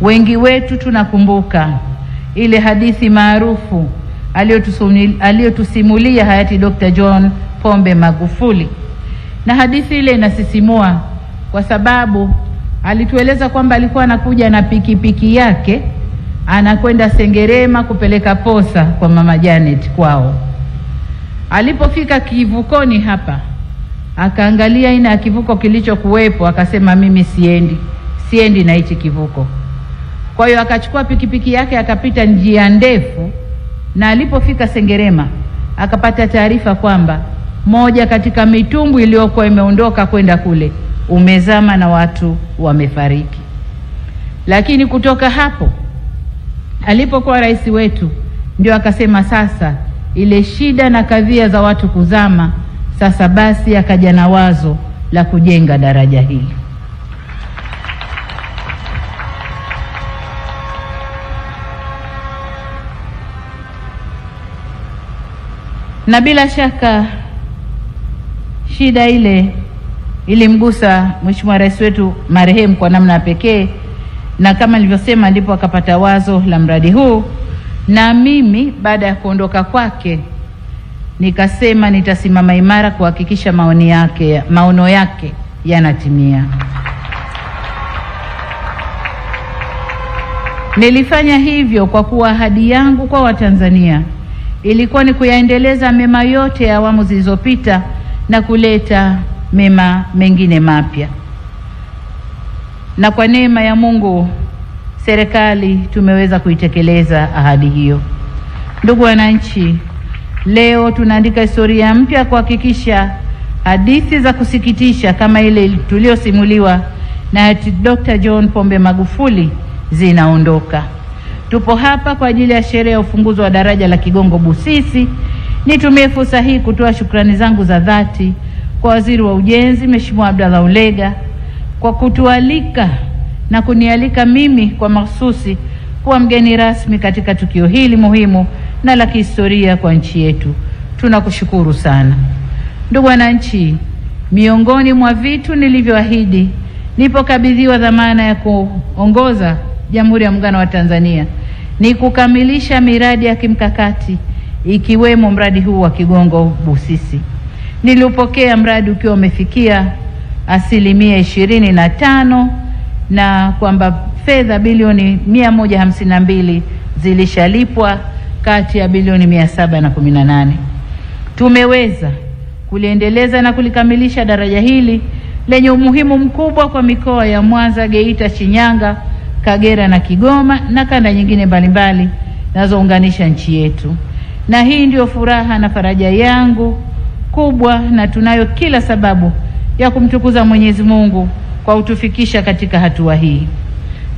Wengi wetu tunakumbuka ile hadithi maarufu aliyotusimulia hayati Dr. John Pombe Magufuli, na hadithi ile inasisimua kwa sababu alitueleza kwamba alikuwa anakuja na pikipiki yake anakwenda Sengerema kupeleka posa kwa mama Janet kwao. Alipofika kivukoni hapa, akaangalia aina ya kivuko kilichokuwepo, akasema mimi siendi, siendi na hichi kivuko. Kwa hiyo akachukua pikipiki yake akapita njia ndefu, na alipofika Sengerema akapata taarifa kwamba moja katika mitumbwi iliyokuwa imeondoka kwenda kule umezama na watu wamefariki. Lakini kutoka hapo alipokuwa rais wetu ndio akasema sasa ile shida na kadhia za watu kuzama, sasa basi akaja na wazo la kujenga daraja hili. na bila shaka shida ile ilimgusa Mheshimiwa Rais wetu marehemu kwa namna ya pekee, na kama nilivyosema, ndipo akapata wazo la mradi huu, na mimi baada ya kuondoka kwake nikasema nitasimama imara kuhakikisha maoni yake, maono yake yanatimia. Nilifanya hivyo kwa kuwa ahadi yangu kwa Watanzania ilikuwa ni kuyaendeleza mema yote ya awamu zilizopita na kuleta mema mengine mapya. Na kwa neema ya Mungu, serikali tumeweza kuitekeleza ahadi hiyo. Ndugu wananchi, leo tunaandika historia mpya kuhakikisha hadithi za kusikitisha kama ile tuliyosimuliwa na Dr. John Pombe Magufuli zinaondoka. Tupo hapa kwa ajili ya sherehe ya ufunguzi wa daraja la Kigongo Busisi. Nitumie fursa hii kutoa shukrani zangu za dhati kwa Waziri wa Ujenzi Mheshimiwa Abdallah Ulega kwa kutualika na kunialika mimi kwa mahususi kuwa mgeni rasmi katika tukio hili muhimu na la kihistoria kwa nchi yetu. Tunakushukuru sana. Ndugu wananchi, miongoni mwa vitu nilivyoahidi nipokabidhiwa dhamana ya kuongoza Jamhuri ya Muungano wa Tanzania ni kukamilisha miradi ya kimkakati ikiwemo mradi huu wa Kigongo Busisi. Niliupokea mradi ukiwa umefikia asilimia ishirini na tano na kwamba fedha bilioni mbili zilishalipwa kati ya bilioni 718. Tumeweza kuliendeleza na kulikamilisha daraja hili lenye umuhimu mkubwa kwa mikoa ya Mwanza, Geita, Shinyanga Kagera na Kigoma na kanda nyingine mbalimbali zinazounganisha nchi yetu. Na hii ndiyo furaha na faraja yangu kubwa, na tunayo kila sababu ya kumtukuza Mwenyezi Mungu kwa kutufikisha katika hatua hii.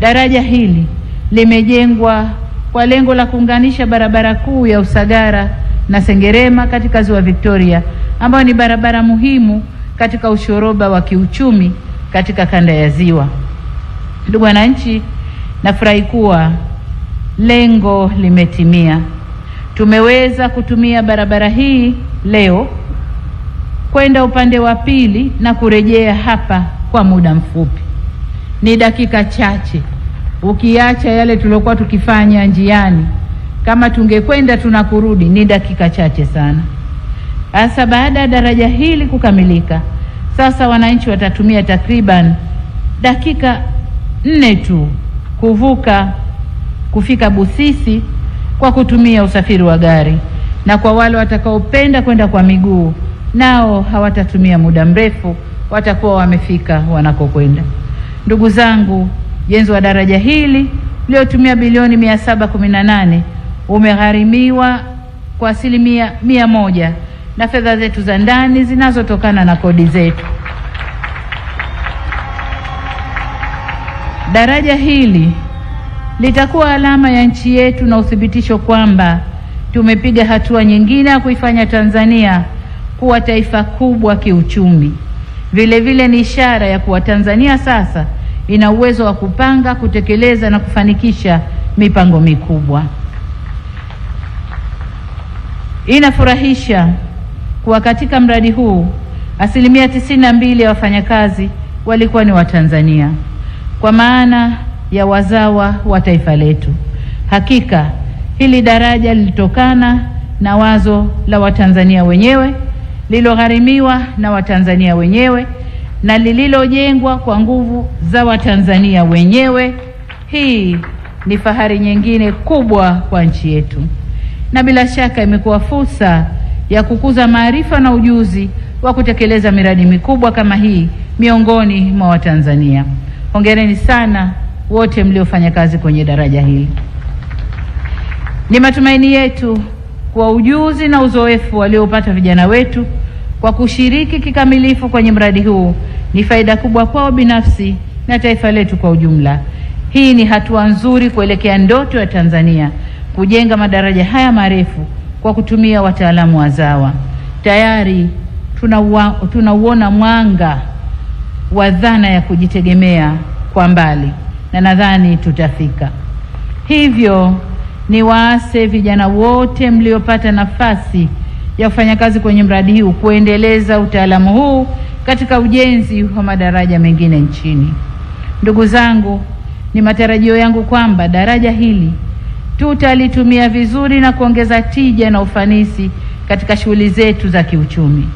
Daraja hili limejengwa kwa lengo la kuunganisha barabara kuu ya Usagara na Sengerema katika Ziwa Victoria, ambayo ni barabara muhimu katika ushoroba wa kiuchumi katika kanda ya Ziwa. Ndugu wananchi, Nafurahi kuwa lengo limetimia. Tumeweza kutumia barabara hii leo kwenda upande wa pili na kurejea hapa kwa muda mfupi, ni dakika chache, ukiacha yale tuliokuwa tukifanya njiani. Kama tungekwenda tunakurudi, ni dakika chache sana. Sasa baada ya daraja hili kukamilika, sasa wananchi watatumia takriban dakika nne tu kuvuka kufika Busisi kwa kutumia usafiri wa gari, na kwa wale watakaopenda kwenda kwa miguu nao hawatatumia muda mrefu, watakuwa wamefika wanakokwenda. Ndugu zangu, ujenzi wa daraja hili uliotumia bilioni nane umegharimiwa kwa asilimia mia moja na fedha zetu za ndani zinazotokana na kodi zetu. Daraja hili litakuwa alama ya nchi yetu na uthibitisho kwamba tumepiga hatua nyingine ya kuifanya Tanzania kuwa taifa kubwa kiuchumi. Vilevile vile ni ishara ya kuwa Tanzania sasa ina uwezo wa kupanga, kutekeleza na kufanikisha mipango mikubwa. Inafurahisha kuwa katika mradi huu asilimia tisini na mbili ya wafanyakazi walikuwa ni Watanzania kwa maana ya wazawa wa taifa letu. Hakika hili daraja lilitokana na wazo la Watanzania wenyewe, lililogharimiwa na Watanzania wenyewe na lililojengwa kwa nguvu za Watanzania wenyewe. Hii ni fahari nyingine kubwa kwa nchi yetu, na bila shaka imekuwa fursa ya kukuza maarifa na ujuzi wa kutekeleza miradi mikubwa kama hii miongoni mwa Watanzania. Hongereni sana wote mliofanya kazi kwenye daraja hili. Ni matumaini yetu kwa ujuzi na uzoefu waliopata vijana wetu kwa kushiriki kikamilifu kwenye mradi huu ni faida kubwa kwao binafsi na taifa letu kwa ujumla. Hii ni hatua nzuri kuelekea ndoto ya Tanzania kujenga madaraja haya marefu kwa kutumia wataalamu wazawa. Tayari tunauona tuna mwanga wa dhana ya kujitegemea kwa mbali, na nadhani tutafika. Hivyo ni waase vijana wote mliopata nafasi ya kufanya kazi kwenye mradi huu kuendeleza utaalamu huu katika ujenzi wa madaraja mengine nchini. Ndugu zangu, ni matarajio yangu kwamba daraja hili tutalitumia vizuri na kuongeza tija na ufanisi katika shughuli zetu za kiuchumi.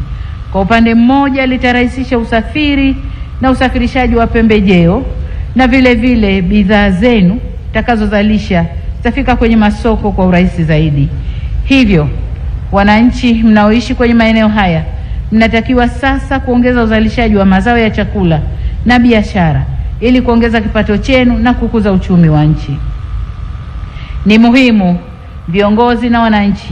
Kwa upande mmoja, litarahisisha usafiri na usafirishaji wa pembejeo na vile vile bidhaa zenu takazozalisha zitafika kwenye masoko kwa urahisi zaidi. Hivyo wananchi mnaoishi kwenye maeneo haya mnatakiwa sasa kuongeza uzalishaji wa mazao ya chakula na biashara ili kuongeza kipato chenu na kukuza uchumi wa nchi. Ni muhimu viongozi na wananchi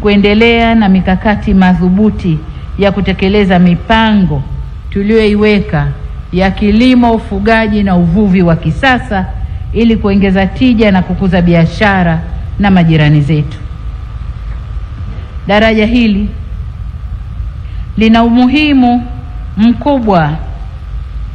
kuendelea na mikakati madhubuti ya kutekeleza mipango tuliyoiweka ya kilimo, ufugaji na uvuvi wa kisasa ili kuongeza tija na kukuza biashara na majirani zetu. Daraja hili lina umuhimu mkubwa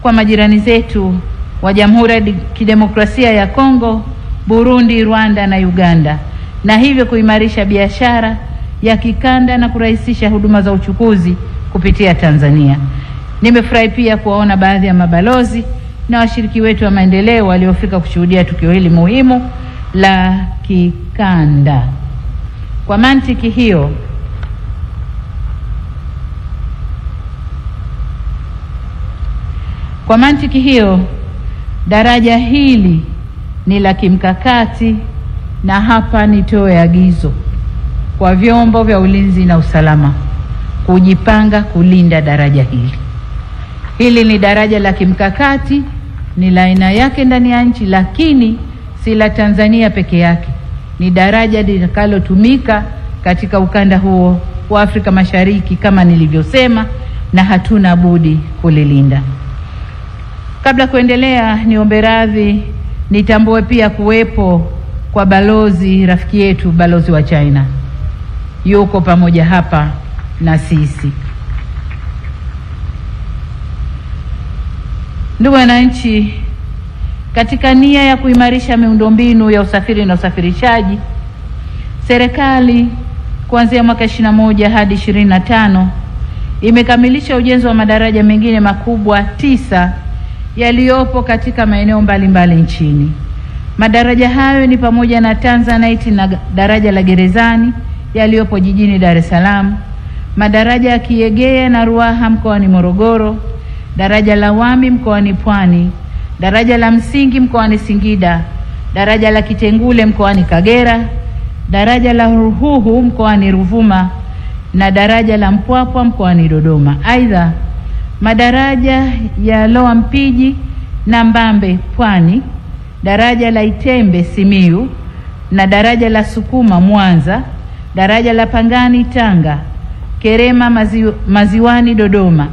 kwa majirani zetu wa Jamhuri ya Kidemokrasia ya Kongo, Burundi, Rwanda na Uganda, na hivyo kuimarisha biashara ya kikanda na kurahisisha huduma za uchukuzi kupitia Tanzania. Nimefurahi pia kuwaona baadhi ya mabalozi na washiriki wetu wa maendeleo waliofika kushuhudia tukio hili muhimu la kikanda. Kwa mantiki hiyo, kwa mantiki hiyo daraja hili ni la kimkakati, na hapa nitoe agizo kwa vyombo vya ulinzi na usalama kujipanga kulinda daraja hili. Hili ni daraja la kimkakati, ni la aina yake ndani ya nchi, lakini si la Tanzania peke yake. Ni daraja litakalotumika katika ukanda huo wa Afrika Mashariki kama nilivyosema, na hatuna budi kulilinda. Kabla kuendelea, niombe radhi, nitambue pia kuwepo kwa balozi rafiki yetu, balozi wa China yuko pamoja hapa na sisi. Ndugu wananchi, katika nia ya kuimarisha miundombinu ya usafiri na usafirishaji, serikali kuanzia mwaka 21 hadi 25 imekamilisha ujenzi wa madaraja mengine makubwa tisa yaliyopo katika maeneo mbalimbali nchini. Madaraja hayo ni pamoja na Tanzanite na daraja la Gerezani yaliyopo jijini Dar es Salaam, madaraja ya Kiegea na Ruaha mkoani Morogoro daraja la Wami mkoani Pwani, daraja la Msingi mkoani Singida, daraja la Kitengule mkoani Kagera, daraja la Ruhuhu mkoani Ruvuma na daraja la Mpwapwa mkoani Dodoma. Aidha, madaraja ya Loa Mpiji na Mbambe Pwani, daraja la Itembe simiu na daraja la Sukuma Mwanza, daraja la Pangani Tanga, Kerema mazi, Maziwani Dodoma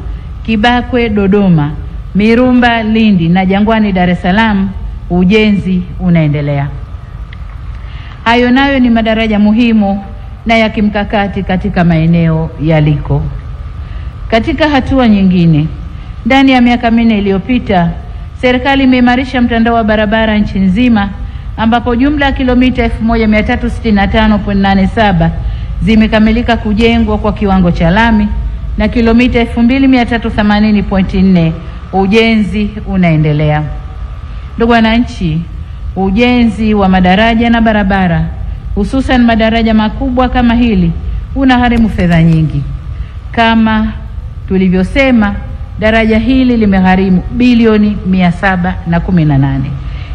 Kibakwe Dodoma, Mirumba Lindi na Jangwani Dar es Salaam ujenzi unaendelea. Hayo nayo ni madaraja muhimu na ya kimkakati katika maeneo yaliko. Katika hatua nyingine, ndani ya miaka minne iliyopita, serikali imeimarisha mtandao wa barabara nchi nzima ambapo jumla ya kilomita 1365.87 zimekamilika kujengwa kwa kiwango cha lami na kilomita 2380.4 ujenzi unaendelea. Ndugu wananchi, ujenzi wa madaraja na barabara hususan madaraja makubwa kama hili unagharimu fedha nyingi. Kama tulivyosema, daraja hili limegharimu bilioni 718.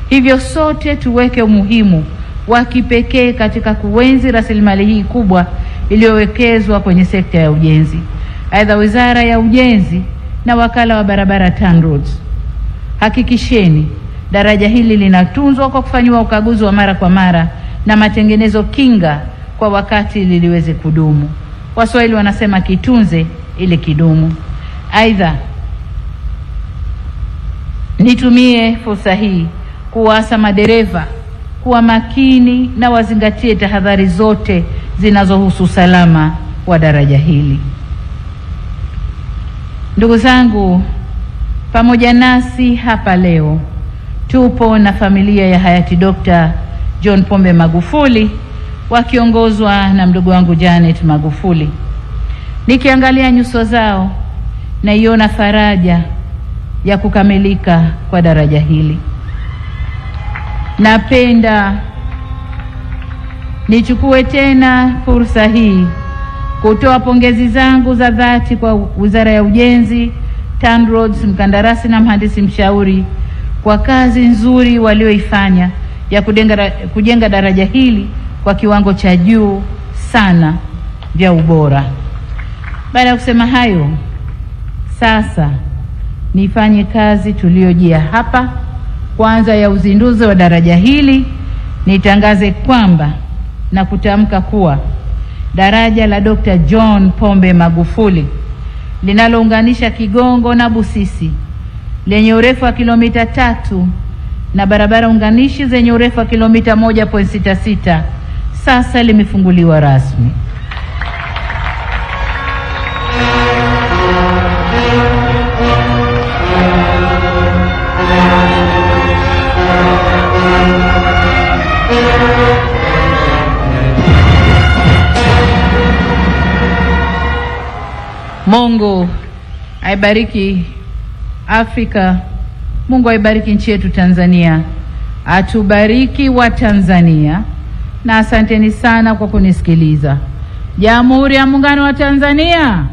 Hivyo sote tuweke umuhimu wa kipekee katika kuenzi rasilimali hii kubwa iliyowekezwa kwenye sekta ya ujenzi aidha Wizara ya Ujenzi na Wakala wa Barabara TANROADS, hakikisheni daraja hili linatunzwa kwa kufanyiwa ukaguzi wa mara kwa mara na matengenezo kinga kwa wakati ili liweze kudumu. Waswahili wanasema kitunze ili kidumu. Aidha, nitumie fursa hii kuwaasa madereva kuwa makini na wazingatie tahadhari zote zinazohusu usalama wa daraja hili. Ndugu zangu, pamoja nasi hapa leo tupo na familia ya hayati Dr. John Pombe Magufuli wakiongozwa na mdogo wangu Janet Magufuli. Nikiangalia nyuso zao, naiona faraja ya kukamilika kwa daraja hili. Napenda nichukue tena fursa hii kutoa pongezi zangu za dhati kwa Wizara ya Ujenzi, TANROADS, mkandarasi na mhandisi mshauri kwa kazi nzuri walioifanya ya kudenga, kujenga daraja hili kwa kiwango cha juu sana vya ubora. Baada ya kusema hayo, sasa nifanye kazi tuliyojia hapa, kwanza ya uzinduzi wa daraja hili. Nitangaze kwamba na kutamka kuwa daraja la Dr. John Pombe Magufuli linalounganisha Kigongo na Busisi lenye urefu wa kilomita tatu na barabara unganishi zenye urefu wa kilomita 1.66 sasa limefunguliwa rasmi. Mungu aibariki Afrika, Mungu aibariki nchi yetu Tanzania, atubariki wa Tanzania, na asanteni sana kwa kunisikiliza. Jamhuri ya Muungano wa Tanzania.